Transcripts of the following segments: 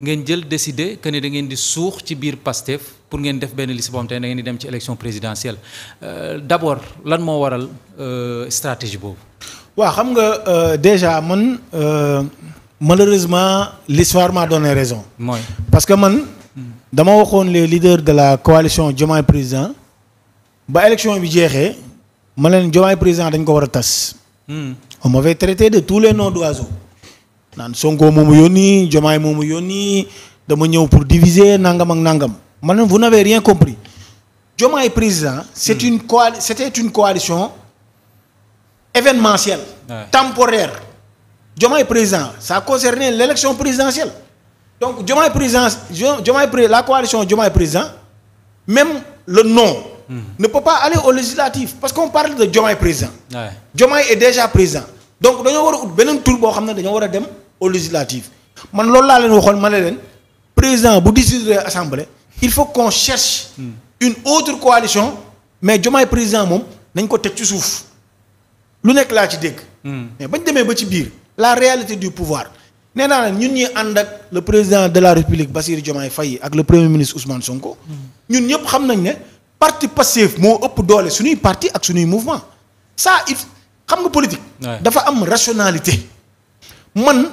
ngeen jël décider que ne da ngeen di suux ci biir Pastef pour ngeen def benn liste boo xam te ne da ngeen di dem ci élection présidentielle euh, d' abord lan moo waral euh, stratégie boobu. waa xam nga euh, déjà man malheureusement l'histoire m'a donné raison. mooy parce que man hmm. dama waxoon les leaders de la coalition Diomaye président ba élection bi jeexee ma leen Diomaye président dañ ko war a tas. Hmm. on m'avait traité de tous les noms d'oiseaux naan Sonko moomu yónni Jomaay moomu yónni dama ñëw pour diviser nangam ak nangam man leen vous n'avez rien compris Jomaay président c'est hmm. une coali c'était une coalition événementielle temporaire Jomaay président ça concernait l'élection présidentielle donc Jomaay président Jomaay pré la coalition Jomaay président même le nom hmm. ne peut pas aller aux législatives parce qu'on parle de Diomaye président Diomaye est déjà président donc dañoo war a ut beneen tur boo xam ne dañoo war a dem aux législatives man loolu laa leen waxoon ma ne leen président bu dissoudre assemblée il faut qu'on cherche hmm. une autre coalition mais Diomaye président moom nañ ko teg ci suuf lu nekk laa ci dégg hmm. mais bañ demee ba ci biir la réalité du pouvoir nee naa ñun ñuy ànd ak le président de la république Bassirou Diomaye Faye ak le premier ministre Ousmane Sonko hmm. ñun ñëpp xam nañ ne parti Pastef moo ëpp doole suñuy parti ak suñuy mouvement ça il xam nga politique dafa am rationalité man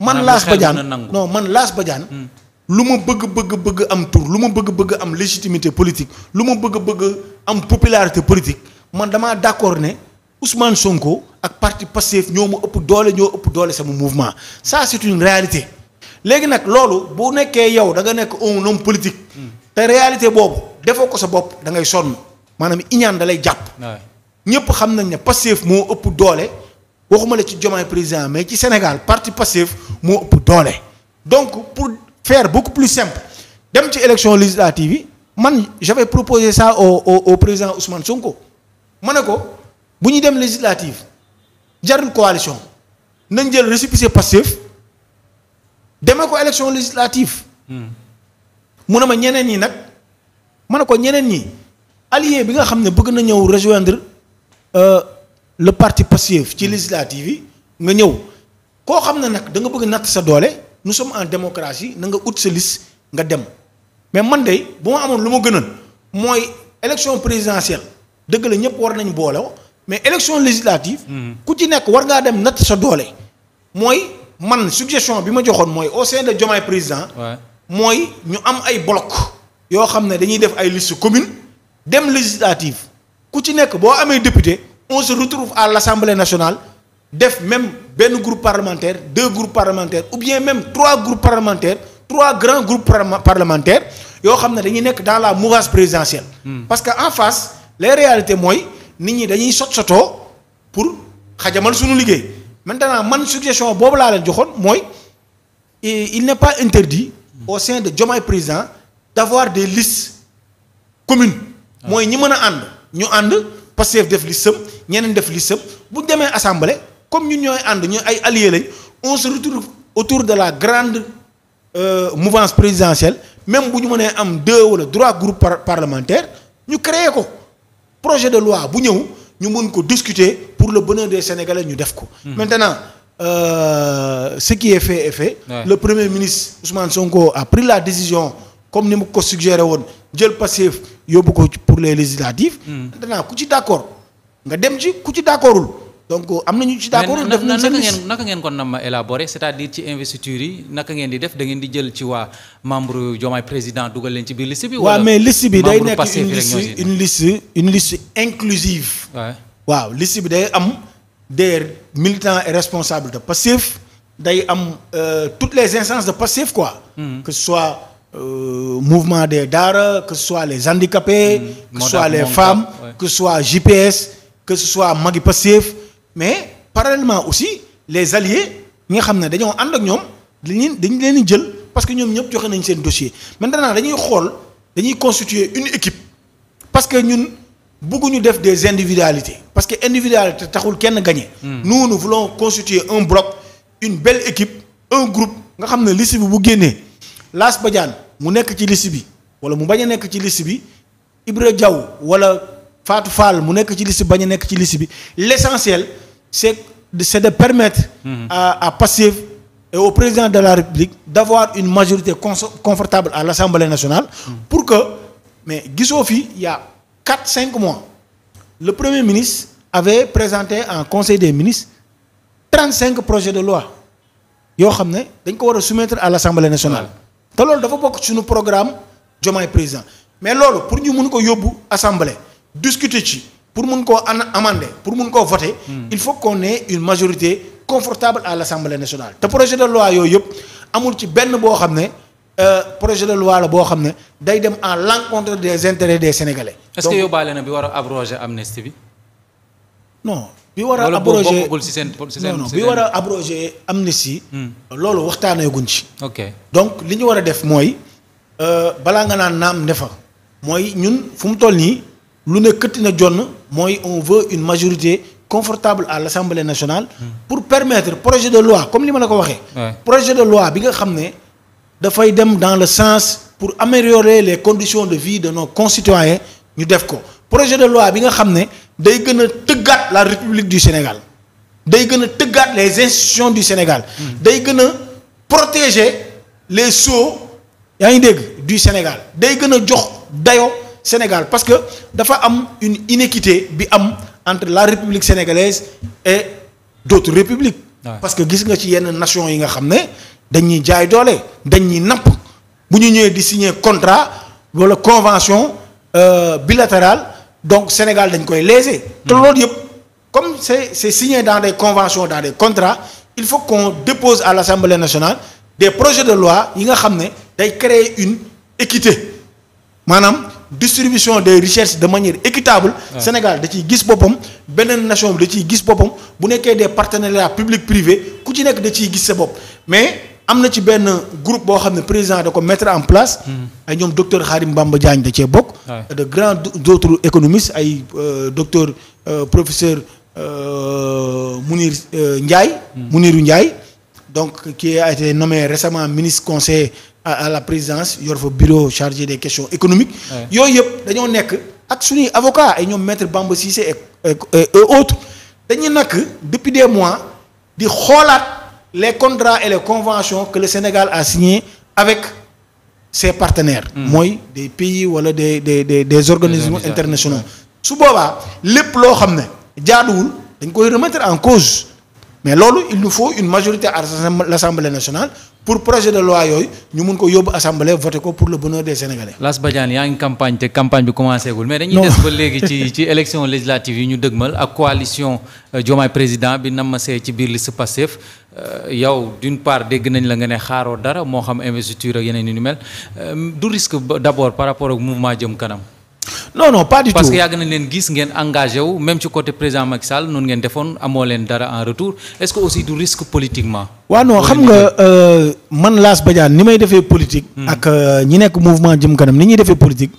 man Lass Badiane non man Lass Badiane hmm. lu ma bëgg bëgg bëgg am tour lu ma bëgg bëgg am légitimité politique lu ma bëgg bëgg am popularité politique man damaa d'accord ne Ousmane Sonko ak parti Pastef ñoo ma ëpp doole ñoo ëpp doole sama mouvement saa c'est une réalité léegi nag loolu bu nekkee yow da nga nekk un homme politique hmm. te réalité boobu defoo ko sa bopp da ngay sonn maanaam iñaan dalay jàpp ñëpp xam nañ ne Pastef moo ëpp doole waxuma la ci Diomaye président mais ci Sénégal parti Pastef moo ëpp doole donc pour faire beaucoup plus simple dem ci élection législative yi man j'avais proposé ça au au au président Ousmane Sonko ma ne ko bu ñuy dem législative jarul coalition nañ jël récépissé Pastef demee ko élection législative. Hmm. mu ne ma ñeneen ñi nag ma ne ko ñeneen ñi allié bi nga xam ne bëgg na ñëw rejoindre euh, le parti Pastef ci hmm. législative yi nga ñëw. koo xam ne nag da nga bëgg natt sa doole nous some en démocratie na nga ut sa liste nga dem mais man de bu ma amoon lu ma gënal mooy élection présidentielle dëgg la ñëpp war nañu boole mais élection législative. Mhm. ku ci nekk war ngaa dem natt sa doole. mooy man suggestion bi ma joxoon mooy au sein de Diomaye président. mooy ñu am ay bloc. yoo xam ne dañuy def ay liste commune dem législative ku ci nekk boo amee député on se retrouve à l'Assemblée nationale. def même benn groupe parlementaire deux groupes parlementaires ou bien même trois groupes parlementaires trois grands groupes parlementaires yoo xam ne dañuy nekk dans la mouvance présidentielle. Hmm. parce que en face les réalités mooy nit ñi dañuy sot sotoo pour xajamal suñu liggéey maintenant man suggestion boobu laa leen joxoon mooy il n'est pas interdit au sein de Diomaye président d'avoir des listes communes. Ah. mooy ñi mën a ànd ñu ànd Pastef def listam ñeneen def listam bu demee assemblée. comme ñun ñooy ànd ñooy ay alliés lañ on se autour de la grande euh, mouvance présidentielle même bu ñu mënee am deux wala trois groupe par parlementaires ñu créer ko projet de loi bu ñëw ñu mën ko discuter pour le bonheur des Sénégalais ñu def ko. Hmm. maintenant euh, ce qui est fait est le premier ministre Ousmane Sonko a la décision comme ni mu ko suggéré woon jël passif yóbbu ko pour les législatives. Hmm. maintenant ku ci d' accord nga dem ci ku ci d' accordul donc am na ñu ci d'accord def nañ service naka ngeen ko nam élaborer c'est-à-dire ci investiture yi naka ngeen di def dangeen di jël ci waa membre Diomaye président dugal leen ci biir liste bi. wala mais liste bi day nekk une liste une liste une liste inclusive. waaw liste bi day am des militants et responsables de Pastef day am euh, toutes les instances de Pastef quoi. Hmm. que ce soit euh, mouvement des daara que ce soit les handicapés. Hmm. que ce soit les femmes que ce soit GPS que ce soit Magui Pastef. mais parallèlement aussi les alliés ñi nga xam ne dañoo ànd ak ñoom dañu dañ leen jël parce que ñoom ñëpp joxe nañ seen dossier maintenant dañuy xool dañuy constituer une équipe parce que ñun bëgguñu def des individualités parce que individualité taxul kenn gagné. Hmm. nous nous voulons constituer un bloc une belle équipe un groupe nga xam ne liste bi bu génnee Lass Badiane mu nekk ci liste bi wala mu bañ a nekk ci liste bi Ibra Diaw wala Fatou Fall mu nekk ci liste bañ nekk ci liste bi l'essentiel c'est c'est de permettre mm-hmm. à à Pastef et au président de la République d'avoir une majorité confortable à l'Assemblée nationale mm-hmm. pour que mais gisoo fi ya quatre cinq mois le Premier ministre avait présenté en Conseil des ministres trente-cinq projets de loi yoo xam ne dañ ko war a soumettre à l'Assemblée nationale te loolu dafa bokk suñu programme Diomaye président mais loolu pour ñu mun ko yóbbu assemblée discuter ci pour mun koo amande pour mun koo voter hmm. il faut qu'on ait une majorité confortable à l'Assemblée nationale te projet de loi yooyu yëpp amul ci benn boo xam ne euh, projet de loi la boo xam ne day dem en à contre des intérêts des Sénégalais. est-ce donc, que yóbbaale na bi war a abroger amnistie bi. non bi war a. abroger non bi war a abroger amnistie. Hmm. loolu waxtaanee guñ ci. donc li ñu war a def mooy euh, balaa nga naan naam ne mooy ñun fu mu toll nii. lu ne këtti na jonn mooy on veut une majorité confortable à l'Assemblée nationale pour permettre projet de loi comme li ma la ko waxee projet de loi bi nga xam ne dafay dem dans le sens pour améliorer les conditions de vie de nos concitoyens ñu def ko projet de loi bi nga xam ne day gën a tëggaat la République du Sénégal day gën a tëggaat les institutions du Sénégal day gën a protégé les sceaux yaa ngi dégg du Sénégal day gën a jox dayo Sénégal parce que dafa am une inéquité bi am entre la république sénégalaise et d'autres républiques parce que gis nga ci yenn nation yi nga xam ne dañuy jaay doole dañuy napp bu ñu ñëwee di signer contrat wala convention euh, bilatérale donc Sénégal dañ koy léser te mm. loolu yëpp comme c'est c'est signé dans des conventions dans des contrat il faut qu'on dépose à l'Assemblée nationale des projets de loi yi nga xam ne day créer une équité maanaam distribution des richesses de manière équitable Sénégal da ciy gis boppam beneen nation da ciy gis boppam bu nekkee des partenariats public privé ku ci nekk da ciy gis sa bopp mais am na ci benn groupe boo xam ne président da ko mettre en place hmm. ay ñoom docteur Khadim Bamba Diagne da cee bokk de grands d'autres économistes ay euh, docteur euh, professeur euh, Mounir Ndiaye muniru hmm. Ndiaye donc qui a été nommé récemment ministre conseiller à, la présidence yor fa bureau chargé des questions économiques. yooyu yëpp dañoo nekk ak suñuy avocat ay ñoom maître Bamba si et et autres dañu nakk depuis des mois di xoolaat. les contrats et les conventions que le Sénégal a signé avec ses partenaires hmm. mooy des pays wala des des des des organismes internationaux su boobaa lépp loo xam ne jaaduwul dañ koy remettre en cause mais loolu il faut une majorité à l'Assemblée nationale pour projet de loi yooyu ñu mun ko yóbbu assemblée voté ko pour le bonheur des sénégalais. Las Badiane yaa ngi campagne te campagne bi commencé gul. mais dañuy des ba léegi ci ci élection législative yi ñu dëgmal ak coalition euh, Diomaye président bi namasee ci biir liste Pastef euh, yow d'une part dégg nañ la nga ne xaaroo dara moo xam investiture ak yeneen yu ni mel euh, du risque d'abord par rapport ak mouvement jëm kanam. non non pas du tout parce que yàgg nañ leen gis ngeen engagé wu même ci côté président Macky Sall noonu ngeen defoon amoo leen dara en retour est-ce que aussi du risque politiquement. waaw non xam nga euh, man laa Lass Badiane ni may defee politique. Hmm. ak euh, ñi nekk mouvement jëm kanam ni ñuy defee politique.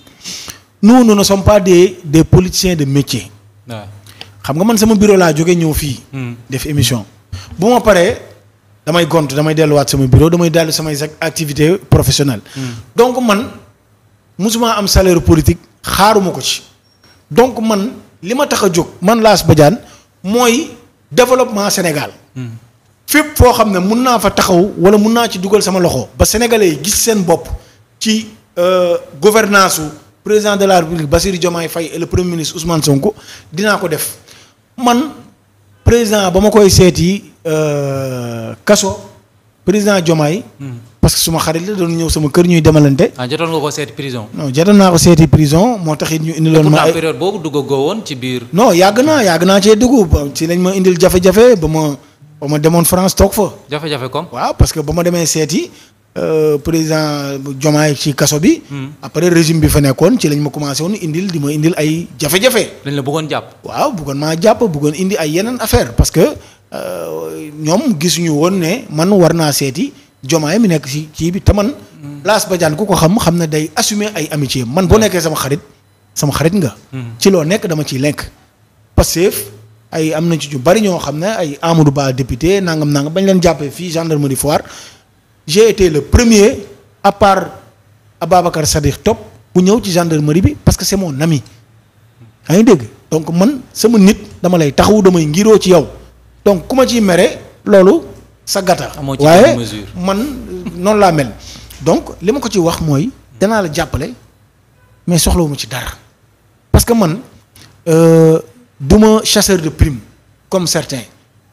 nous nous ne sommes pas des des politiciens de métier. waaw xam nga man sama bureau laa jógee ñëw fii. Hmm. def émission. bu ma paree damay gont damay delluwaat sama bureau damay dellu samay activité professionnelle hmm. donc man. musuma am salaire politique xaaruma ko ci donc man li ma tax a jóg man Lass Badiane mooy développement Sénégal. Hmm. fépp foo xam ne mun naa fa taxaw wala mun naa ci dugal sama loxo. ba sénégalais gis seen bopp ci euh, gouvernance su président de la république Bassirou Diomaye fay et le premier ministre Ousmane Sonko dinaa ko def man président ba ma koy seeti euh, kaso. président Diomaye. Hmm. parce que suma xarit la doon ñëw sama kër ñuy demalante. ah jotoon nga ko seeti prison. non jotoon naa ko seeti prison moo tax it ñu indiloon. ma ay période boobu duggagoo woon ci biir. no yàgg naa yàgg naa cee dugg ci lañ ma indil jafe-jafe ba ma ba ma demoon France toog fa. jafe-jafe comme. waaw parce que ba ma demee seeti euh, président Diomaye ci kaso bi. Hmm. après régime bi fa nekkoon ci lañ ma commencé woon indil di ma indil ay jafe-jafe. dañ la bëggoon jàpp. waaw bëggoon maa jàpp bëggoon indi ay yeneen affaire parce que. ñoom gisuñu woon ne man war naa seeti jomaay mi nekk ci kii bi te man. Blaise Badiane ku ko xam xam ne day assumer ay amitié man boo nekkee sama xarit sama xarit nga. ci loo nekk dama ciy lenk. Pastef ay am nañ ci ñu bari ñoo xam ne ay Amadou Ba député nangam nangam bañ leen jàppee fii gendarmerie Foire j'ai été le premier à part Ababacar Sadikh Top bu ñëw ci gendarmerie bi parce que c'est mon ami. ngi dégg donc man sama nit dama lay taxawu damay ngiroo ci yow. donc ku ma ciy mere loolu sa gata waaye man euh, noonu laa mel donc li ma ko ci wax mooy danaa la jàppale mais soxlawuma ci dara parce que man euh, du ma chasseur de prime comme certains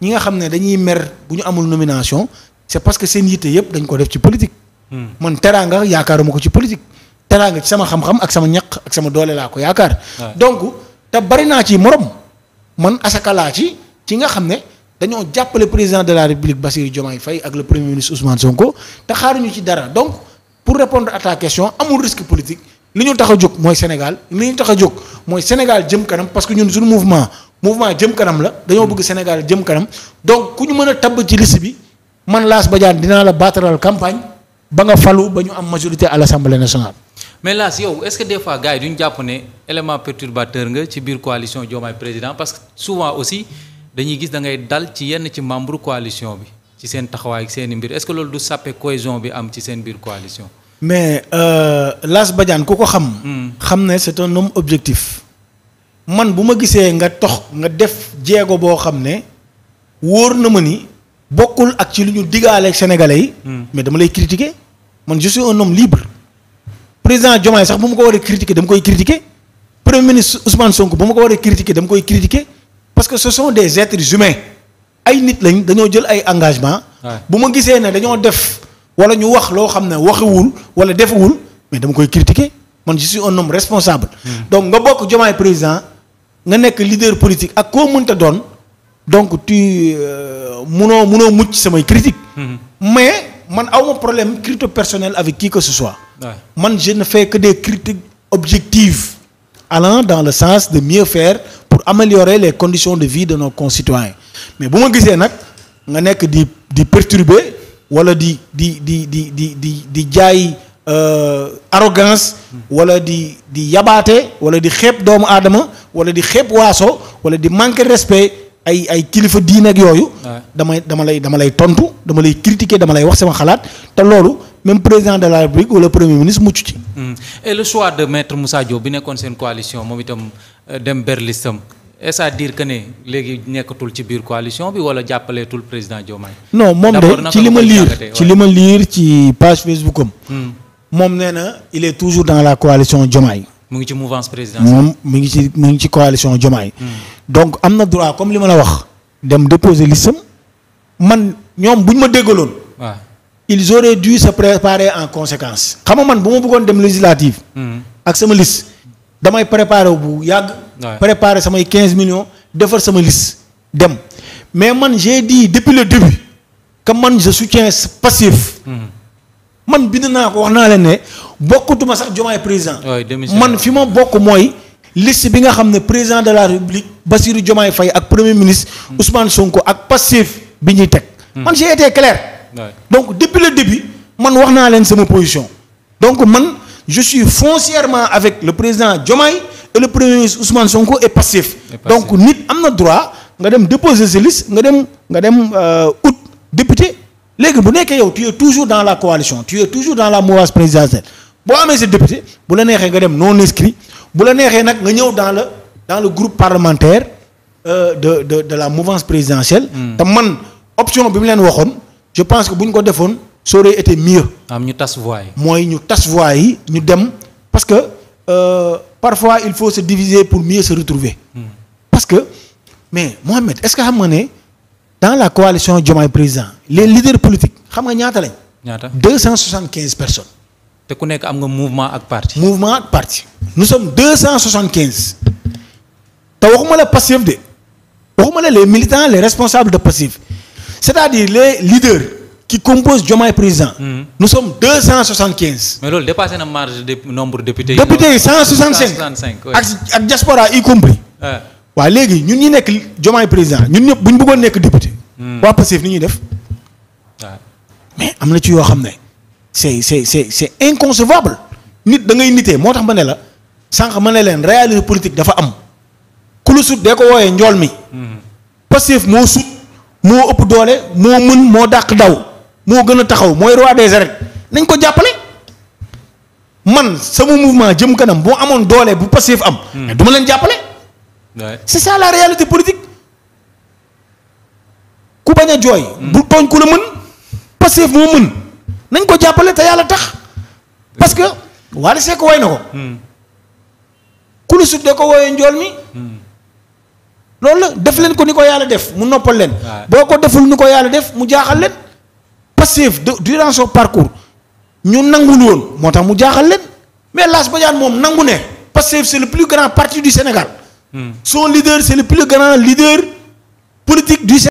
ñi nga xam ne dañuy mer bu ñu amul nomination c'est parce que seen yitte yëpp dañ ko def ci politique hmm. man teraanga yaakaaruma ko ci politique teraanga ci sama xam-xam ak sama ñaq ak sama doole laa ko yaakaar donc te bari naa ci morom man asaka laa ci ci nga xam ne dañoo jàppale président de la république Bassirou Diomaye Faye ak le premier ministre Ousmane Sonko te xaaruñu ci dara donc pour répondre à ta question amul risque politique li ñu tax a jóg mooy Sénégal li ñu tax a jóg mooy Sénégal jëm kanam parce que ñun suñu mouvement mouvement jëm kanam la dañoo bëgg Sénégal jëm kanam donc ku ñu mën a tabb ci liste bi man Lass Badiane dinaa la baataral campagne ba nga falu ba ñu am majorité à l'Assemblée nationale. mais Lass yow est-ce que des fois gars yi jàpp ne élément perturbateur nga ci biir coalition parce que souvent aussi. dañuy gis da ngay dal ci yenn ci membre coalition bi ci seen taxawaay ak seen i mbir est-ce que loolu du sàppe cohésion bi am ci seen biir coalition. mais euh, Lass Badiane ku ko xam. Hmm. xam ne c'est un homme objectif. man bu ma gisee nga tox nga def jéego boo xam ne wóor na ma ni bokkul ak ci lu ñu digaale Sénégalais yi. Hmm. mais dama lay critiquer man je suis un homme libre. président Diomaye sax bu ma ko war a critiquer dama koy critiquer premier ministre Ousmane bu ma ko war a critiquer dama koy critiquer parce que ce sont des êtres humains ay nit lañ dañoo jël ay engagement bu ma gisee ne dañoo def wala ñu wax loo xam ne waxewul wala defewul mais dama koy critiquer man je suis un homme responsable hmm. donc nga bokk Diomaye président nga nekk leader politique ak ko mënta doon donc tu euh, munoo munoo mucc samay critique hmm. mais man awma problème crypto personnel avec qui que ce soit man je ne que des critiques objectives allant dans le sens de mieux faire pour améliorer les conditions de vie de nos concitoyens mais bu ma gisee nag nga nekk di di perturber wala di di di di di di di jaay euh, arrogance wala di di yabaate wala di xeeb doomu aadama wala di xeeb waaso wala di manquer respect ay ay kilifa diine ak yooyu. damay dama lay dama lay tontu dama lay critiquer dama lay wax sama xalaat te loolu. même président de la République wala premier ministre mucc ci. Mm. le choix de maître Moussa bi nekkoon seen coalition moom itam dem berlisam c'est-à-dire que ne léegi nekkatul ci biir coalition bi wala jàppaleetul président Diomaye. non moom de ci li ma liir ci li ma liir ci page Facebook hmm. moom nee na il est toujours dans la coalition Diomaye. mu ngi ci mouvance présidentielle moom mu ngi ci mu ngi ci coalition Diomaye. Hmm. donc am na droit comme li ma la wax. dem déposer listam man ñoom bu ñu ma déggaloon. waaw ils auraient dû se préparer en conséquence. xam nga man bu ma bëggoon dem législative. Hmm. ak sama liste. damay préparer wu bu yàgg. préparer samay 15 millions defar sama liste dem mais man j'ai dit depuis le début que man je soutiens passif. Hmm. man bind naa ko wax naa leen ne bokkutuma sax Diomaye président. man fi ma bokk mooy. liste bi nga xam ne président de la république Bassirou Diomaye fay ak premier ministre hmm. Ousmane Sonko ak Pastef bi ñuy teg. Hmm. man j'ai été clair. donc depuis le début man wax naa leen sama position donc man. je suis foncièrement avec le président Diomaye et le premier ministre Ousmane Sonko est passif. donc nit am na droit nga dem déposer sa liste nga dem nga dem ut euh, député léegi bu nekkee yow tu es toujours dans la coalition tu es toujours dans la mouvance présidentielle boo amee sa député bu la neexee nga dem non inscrit bu la neexee nag nga ñëw dans le dans le groupe parlementaire euh, de de de la mouvance présidentielle. Hmm. te man option bi mu leen waxoon je pense que bu ñu ko defoon. ça aurait été mieux. am ñu tas voix mooy ñu tas voix yi ñu dem parce que euh, parfois il faut se diviser pour mieux se retrouver hmm. parce que mais Mohamed est-ce que xam nga ne dans la coalition Diomaye président les leaders politiques xam nga ñaata lañ. ñaata deux cent soixante quinze personnes. te ku nekk am nga mouvement ak parti. mouvement ak parti. nous sommes deux cent soixante quinze. te waxuma la passif de waxuma la les militants les responsables de passif c'est-à-dire les leaders. qui compose Diomaye président. Hmm. nous sommes deux cent soixante quinze. mais loolu dépassé na marge de nombre députés. députés yi cent soixante cinq ak ak diaspora y ah. léegi ñun ñi nekk Diomaye président ñun ñëpp bu ñu bëggoon nekk député. Hmm. waa Pastef ni ñuy def. Ah. mais am na ci yoo xam ne c'est c'est c'est c'est inconcevable nit da ngay nitee moo tax ma ne la sànq ma ne leen réalité politique dafa am ku lu sut dee ko wooyee njool mi. Hmm. Pastef moo sut moo ëpp doole moo mën moo dàq daw. moo gën a taxaw mooy roi des arènes nañ ko jàppale man sama mouvement jëm kanam boo amoon doolee bu passif am. Hmm. mais du leen jàppale. c'est ça la réalité politique ku bañ a jooy. Hmm. bu tooñ ku la mën passif moo mën nañ ko jàppale te yàlla tax parce que Wally Seck way na ko. Hmm. kulusut da ko wooyee njool mi. loolu la def leen ko ni ko yàlla def mu noppal leen. boo ko deful ni ko yàlla def mu jaaxal leen. Pastef durant son parcours ñu nangul woon moo tax mu jaaxal leen mais Lass Badiane moom nangu ne Pastef c'est le plus grand parti du Sénégal. Hmm. son leader c'est le plus grand leader politique du Sénégal.